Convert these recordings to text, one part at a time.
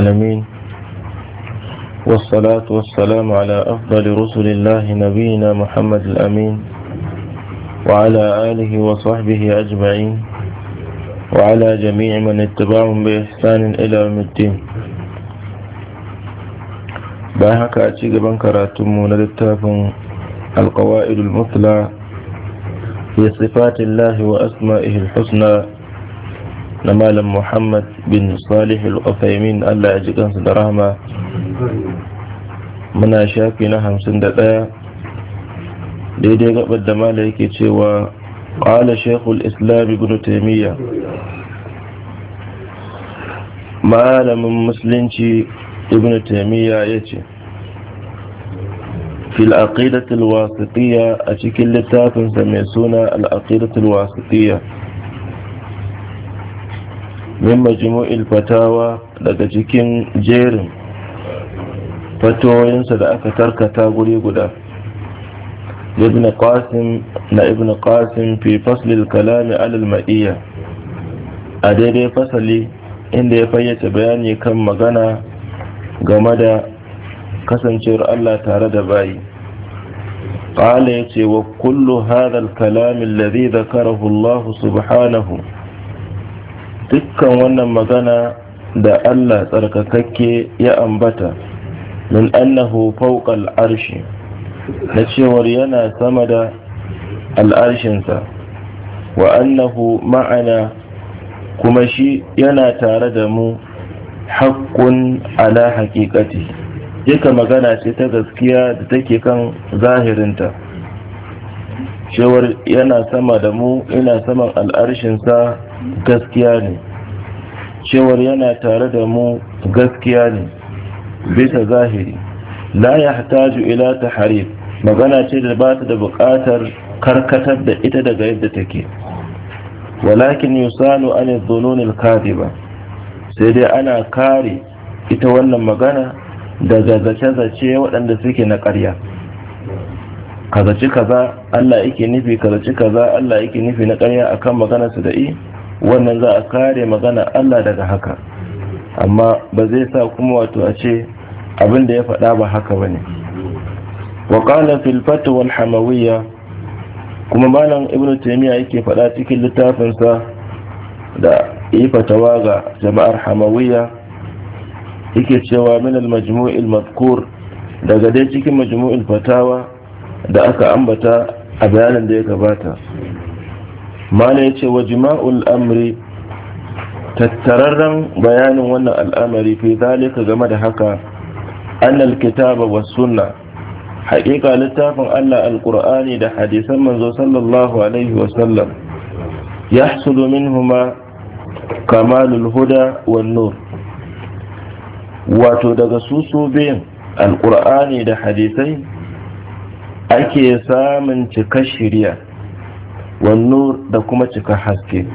العالمين والصلاة والسلام على أفضل رسل الله نبينا محمد الأمين وعلى آله وصحبه أجمعين وعلى جميع من اتبعهم بإحسان إلى يوم الدين باهك أتيك بنكراتم للتاف القوائد المثلى في صفات الله وأسمائه الحسنى na malam muhammad bin salih al-ufaimin allah ya ji kansa da rahama muna shafi na hamsin da ɗaya daidai gabar da mala yake cewa ƙala shekul islam ibn taimiyya malamin musulunci ibn taimiyya ya ce fil aqidatul wasitiyya a cikin littafinsa mai suna al aqidatul wasitiyya min majmu'il fatawa daga cikin jerin fatoyinsa da aka tarkata guri guda ibn qasim na ibn qasim fi faslil kalami alal ma'iyya a daidai fasali inda ya fayyace bayani kan magana game da kasancewar Allah tare da bayi قال يتي وكل هذا الكلام الذي ذكره الله سبحانه dukkan wannan magana da Allah tsarkakakke ya ambata min annahu fawqal arshi na cewar yana sama da al'arshinsa wa annahu ma'ana kuma shi yana tare da mu haƙƙun ala haƙiƙati duka magana ce ta gaskiya da take kan zahirinta cewar yana sama da mu ina saman al'arshinsa gaskiya ne cewar yana tare da mu gaskiya ne bisa zahiri la ya hataju ila ta harif magana ce da ba ta da buƙatar karkatar da ita daga yadda take walakin yusalu an dhununil kadiba sai dai ana kare ita wannan magana daga zace-zace waɗanda suke na ƙarya kazaci kaza Allah yake nufi kazaci kaza Allah yake nufi na ƙarya akan magana su da wannan za a kare magana Allah daga haka amma ba zai sa kuma wato a ce abin da ya faɗa ba haka ba wa qala fil fatwa al kuma malam ibnu taymiya yake faɗa cikin littafinsa da yi fatawa ga jama'ar hamawiyya yake cewa min al majmu' daga dai cikin majmu'il fatawa da aka ambata a bayanin da ya gabata mana ya ce wa jima'ul amri tattararren bayanin wannan al'amari fi zalika game da haka annal kitaba wa sunna haƙiƙa littafin allah alƙur'ani da hadisan manzo sallallahu alaihi sallam. ya hasulu minhuma kamalul huda wa nur wato daga su su biyan alƙur'ani da hadisai ake samun cika shirya wannan da kuma cika haske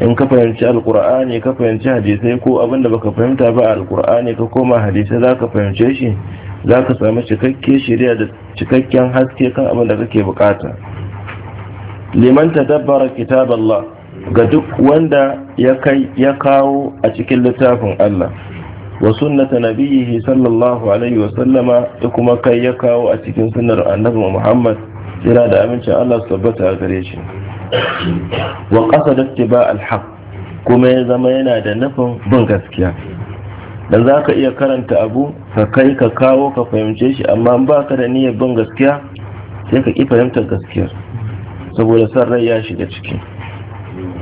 in ka fahimci alkur'ani ka fahimci hadisai ko abin da baka fahimta ba a alkur'ani ka koma hadisai za ka fahimce shi za ka samu cikakke shirya da cikakken haske kan abin da kake bukata liman dabbara kitab Allah ga duk wanda ya ya kawo a cikin littafin Allah wa sunnata nabiyhi sallallahu alaihi wa sallama da kuma kai ya kawo a cikin sunnar annabi Muhammad jira da amincin Allah su tabbata a gare shi wa kasa ittiba ba haq kuma ya zama yana da nufin bin gaskiya dan za ka iya karanta abu ka kai ka kawo ka fahimce shi amma ba ka da niyyar bin gaskiya sai ka ki fahimtar gaskiyar saboda son rai ya shiga ciki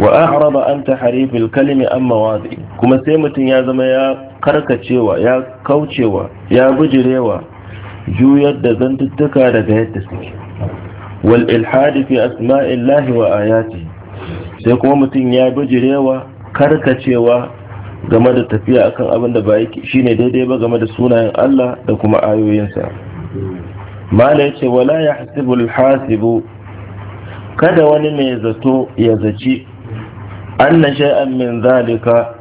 wa araba an tahrif al-kalimi an mawadi kuma sai mutum ya zama ya karkacewa ya kaucewa ya bijirewa juyar da zantuttuka daga yadda suke wal ilhadi fi asma'illahi wa ayati sai kuma mutum ya bijirewa karkacewa game da tafiya akan abin da ba shine daidai ba game da sunayen Allah da kuma ayoyinsa mala yace wala yahsibu al-hasibu kada wani mai zato ya zaci anna shay'an min zalika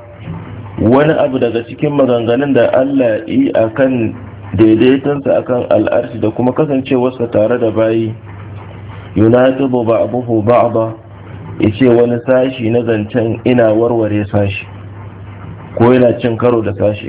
wani abu daga cikin maganganun da Allah yi akan daidaitonsa akan al'arshi da kuma kasancewarsa tare da bayi ba yunatibu ba'dahu ba'da yace wani sashi na zancen ina warware sashi ko yana cin karo da sashi